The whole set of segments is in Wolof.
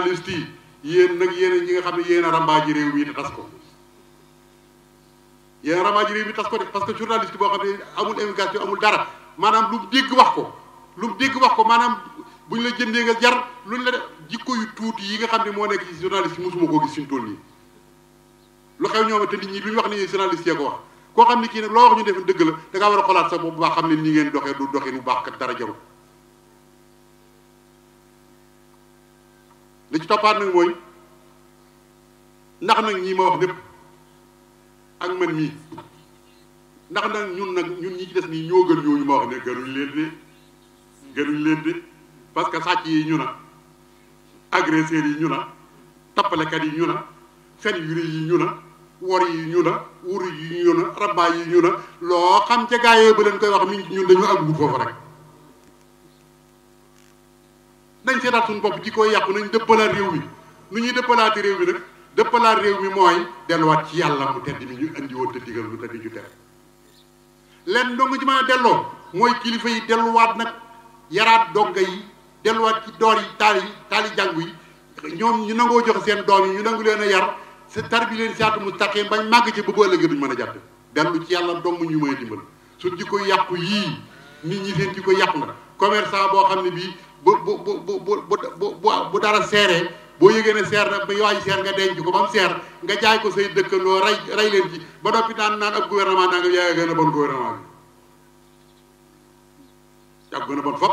journaliste yi yéen nag yéen yi nga xam ne yéen a rambaaji réew mi te tas ko yéen a rambaaji réew mi tas ko de parce que journaliste boo xam ne amul éducation amul dara maanaam lu mu dégg wax ko lu mu dégg wax ko maanaam bu ñu la jëndee nga jar luñ la def jikko yu tuuti yi nga xam ne moo nekk ci journaliste mosuma koo gis suñu tool yi lu xew ñoom te nit ñi lu ñu wax ni journaliste yee ko wax koo xam ne kii nag loo wax ñu def dëgg la da ngaa war a xolaat sa bopp bu baax li ci toppaat nag mooy ndax nag ñi ma wax lépp ak man mii ndax nag ñun nag ñun ñi ci des nii ñoo gën ñooñu ma wax ne gënuñ leen de gënuñ leen de parce que sàcc yi ñu na agresseurs yi ñu na tappalekat yi ñu na fen yu rëy yi ñu na wor yi ñu na wuri yi ñu na rabaay yi ñu na loo xam ca gaayee ba leen koy wax mi ñun dañu àggul foofu rek nañ seetaat suñu bopp jikko yàqu nañ dëppalaat réew mi nu ñuy dëppalaati réew mi nag dëppalaat réew mi mooy delluwaat ci yàlla mu tedd mi ñu indi woon te digal lu di ju leen dong ci mën a delloo mooy kilifa yi delluwaat nag yaraat donga yi delluwaat ci door yi taal yi taali jàngu yi ñoom ñu nangoo jox seen doom yi ñu nangu leen a yar sa tar bi leen saatu mu taqee bañ màgg ci ba bu ëllëgee duñ mën a jàpp dellu ci yàlla dong ñu may dimbal su jikko yàqu yii nit ñi seen jikko yàqu na commerçant boo xam ne bii bu bu bu bu bu bu dara seeree boo yëgee ne seer na ba yowaaji seer nga denc ko ba mu seer nga jaay ko say dëkkandoo rey rey leen ci ba noppi naan naan ak gouvernement naa nga yaa gën a bon gouvernement bi yaa gën a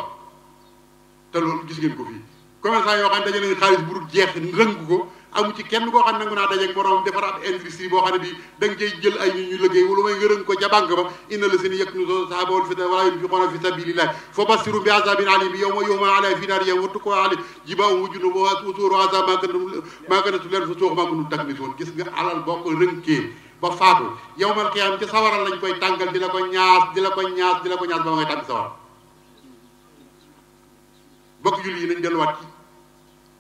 te loolu gis ngeen ko fii commerçant yoo xam ne daje nañu xaalis bu dul jeex rëng ko amu ci kenn koo xam ne nangu naa dajeeg borom defaraat industrie boo xam ne bii da nga cay jël ay ñu ñu liggéey wala may ngërën ko ca banque ba inna la seen yëg nu so sahaba wal fita fi sabilillah fa basiru bi azabin alim yow ma yow ma gis nga alal boo ko rënkee ba faatu yowmal qiyaam ci koy tàngal di la ko ñaas di la ko ñaas di la ko ñaas ba ngay tàmbi sawar bokk julli yi nañ delluwaat ci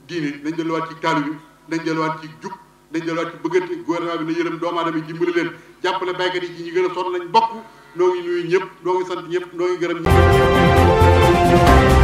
diine nañ delluwaat ci taalu dañ delluwaat ci jub dañ delluwaat ci bëggante gouvernement bi na yërëm doomu aadama yi dimbali leen jàppale baykat yi ci ñi gën a sonn nañ bokk noo ngi nuyu ñëpp noo ngi sant ñëpp noo ngi gërëm ñëpp